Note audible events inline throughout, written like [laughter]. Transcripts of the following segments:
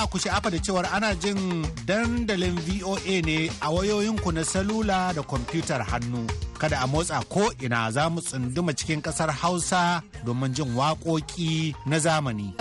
Kada ku sha'afa da cewar ana jin dandalin VOA ne a wayoyinku na salula da kwamfutar hannu. Kada a motsa ko ina za mu tsunduma cikin kasar Hausa domin jin waƙoƙi na zamani.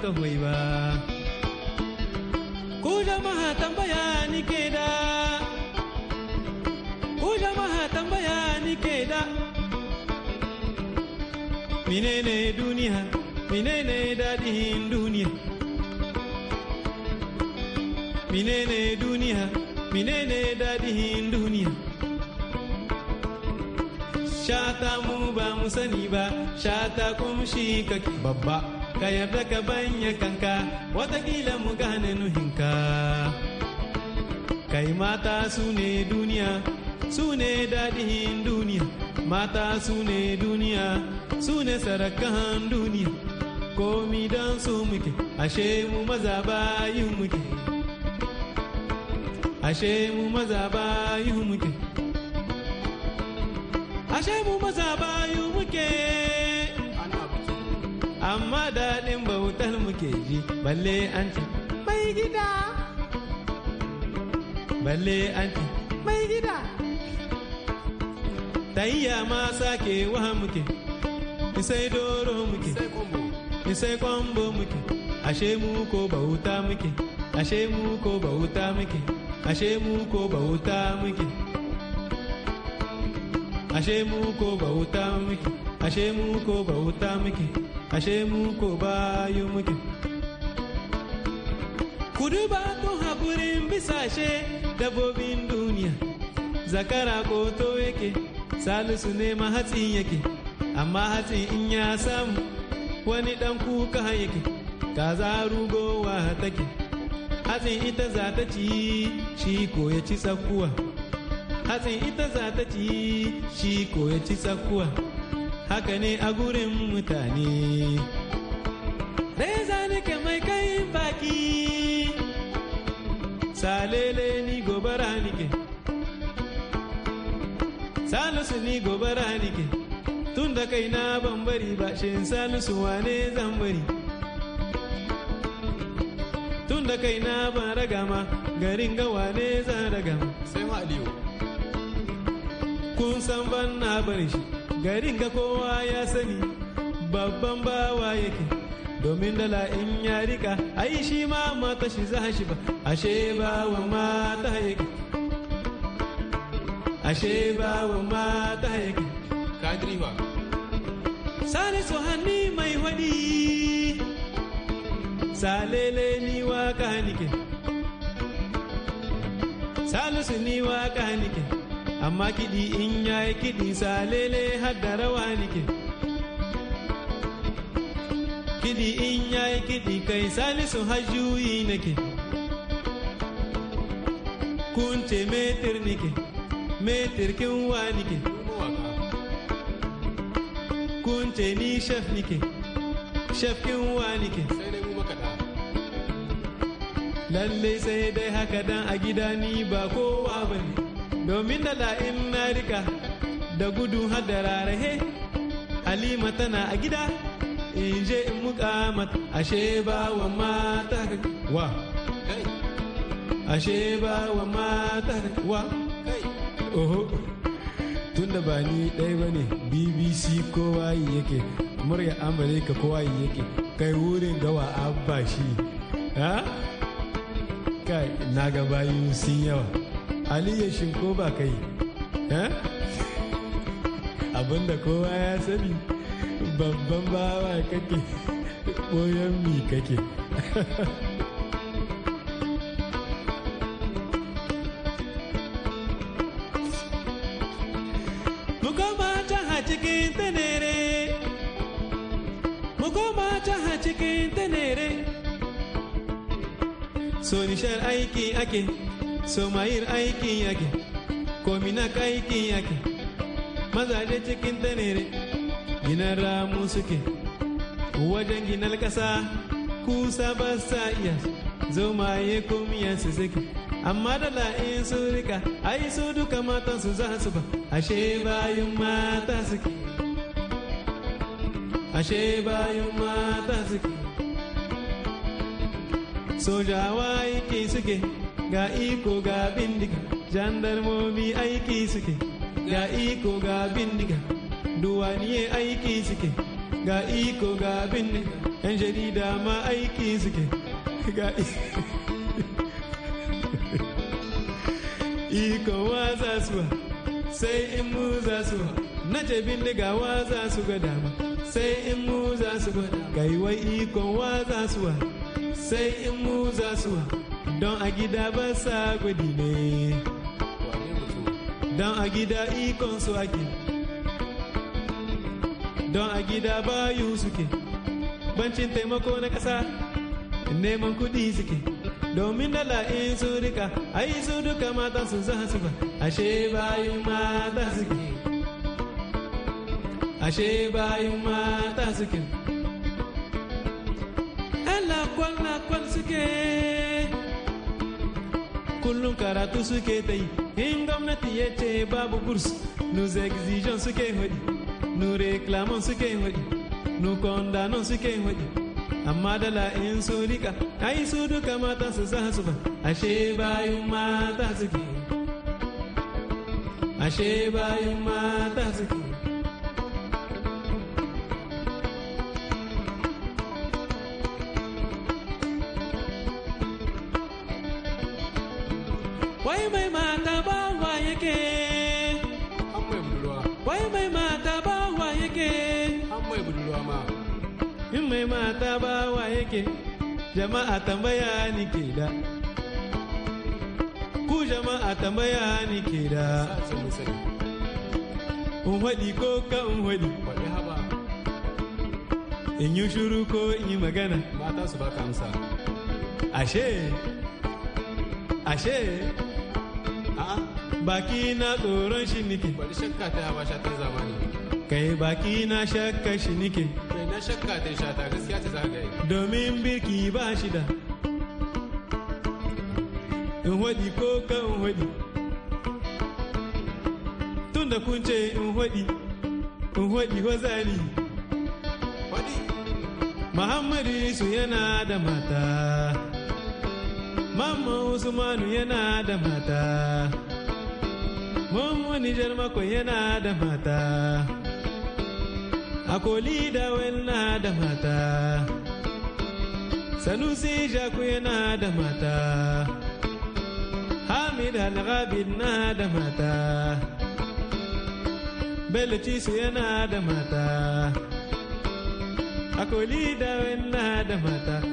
kawai ba ku jama'a tambaya ni ke da ku jama'a tambaya ni ke da menene duniya menene dadihin duniya menene duniya menene dadihin duniya shata mu ba mu sani ba shata kumshi kake babba ka da ka banye kanka watakila mu gane nuhinka kai mata su ne duniya su ne daɗin duniya mata su ne duniya su ne sarakan duniya komi don su muke ashe mu maza bayin muke ashe mu maza bayin muke ashe mu maza bayin muke amma daɗin bautar muke ji balle an ci mai gida balle an ci mai gida tayya ma sake wa muke isai doro muke isai kwambo muke ashe mu ko bauta muke ashe mu ko bauta muke ashe mu ko bauta muke ashe mu ko bauta muke ashe mu ko bauta muke ashe mu ko bayu muke ku duba kun haƙurin bisashe dabobin duniya zakara ko to yake salisu ne ma hatsi yake amma hatsi in ya samu wani dan kuka yake kaza rugowa take hatsin ita za ta ci shi ko ya ci tsakuwa hatsin ita za ta ci shi ko ya ci tsakuwa haka ne a gurin mutane reza nake mai kai baki salele ni gobara nike salisu ni gobara nike tun da kai na bambari ba shin salisu wane zan bari tun da kai na ban ragama garin gawa ne zan ragama sai ma aliyu kun san ban na bari shi garin ga kowa ya sani babban bawa yake domin dala in ya rika ai shi ma mata shi za shi ba ashe bawa mata yake ashe bawa mata yake kadiri ba salisu hanni mai wadi salele ni waka nike salisu ni waka nike amma kiɗi in yayi kiɗi salele hadara rawa nike kiɗi in yayi kiɗi kai salisu hajjuyi nake kunce metir nike metir kinwa nike kunce ni shef nike shef kinwa nike lallai sai dai haka dan a gida ni ba kowa bane domin da la'in na rika da gudu hada rarrahe halima tana a gida in je in mata. ashe ba wa mata wa ashe ba wa mata wa oho da ba ni ɗaya ba ne bbc kowa yi yake murya amurka kowa yi yake kai wurin gawa abba shi ha kai na yi sun yawa aliyu shinko ba kai eh? abinda kowa ya sani babban bawa kake boyon mi kake cikin [laughs] tanere mu koma cikin tenere so nishar aiki ake somayir aikin yake kominak aikin yake mazaje cikin tanere ginan ramu suke wajen ginar ƙasa kusa ba sa iya zomaye komiyansu suke amma da la'in su rika ai su duka matan su za su ba ashe bayan mata suke ashe bayan mata suke sojawa yake suke ga iko ga bindiga jandarmomi aiki suke ga iko ga bindiga duwaniye aiki suke ga iko ga bindiga yan jarida ma aiki suke ga [laughs] iko waza suwa sai in mu za su na ce bindiga waza su ga dama sai in mu za su ga wai ikon waza suwa sai in mu za su don a gida ba sa gudi ne don a gida ikon su ake don a gida bayu suke bancin taimako na ƙasa neman kuɗi suke domin dala in su rika yi su duka mata su zaha su ba ashe bayan mata suke ashe bayan mata suke Allah kwan na kwan suke kullum karatu suke ta yi in gwamnati ya ce babu kurs nous exigeons suke hudi nu reclamons suke hudi nu condamnons suke hudi amma dala in su rika ai su duka mata su sa su ba ashe bayan mata suke ashe bayan mata suke wai mai mata ba wa yake an mai budurwa wai mai mata ba wa yake an mai budurwa ma in mai mata ba wa yake jama'a tambaya ni ke da ku jama'a tambaya ni ke da in ko ka in haɗi in yi shuru ko in yi magana mata su ashe ashe baki na tsoron shi nike bari shakka ta hawa ta zamani kai baki na shakka shi nike kai na shakka ta ta gaskiya ta zagaye domin birki ba shi da in hwadi ko in hwadi tun da kun ce in hwadi in hwadi hozari hwadi muhammadu su yana da mata Mamman Usmanu yana da mata. mun Nijar yana da mata. Akoli da da mata. Sanusi Jaku yana da mata. Hamid Alghabid na da mata. Belchisu yana da mata. Akoli da na da mata.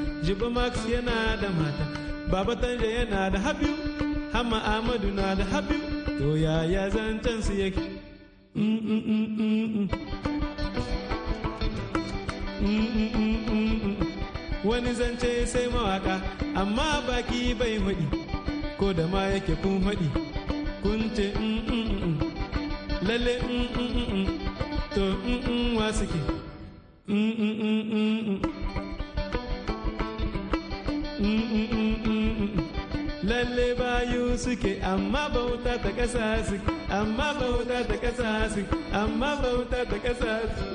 Max yana da mata. Baba Tanja yana da Habibu. hamma amadou nada habib to yaya zantansi yake wani zance sai mawaka amma baki bai haɗi ko da ma yake kun haɗi kun ce lalle to wa suke Mm-mm-mm-mm-mm. lalle bayu suke amma bauta ta kasa su amma bauta ta kasa su amma bauta ta kasa su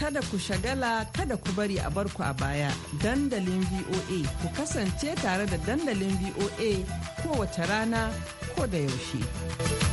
kada ku shagala kada ku bari a barku a baya dandalin voa ku kasance tare da dandalin voa kowace rana ko da yaushe.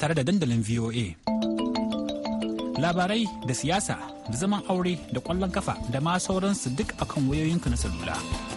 tare da dandalin VOA. Labarai da siyasa da zaman aure da ƙwallon kafa da ma sauransu duk akan wayoyinka na salula.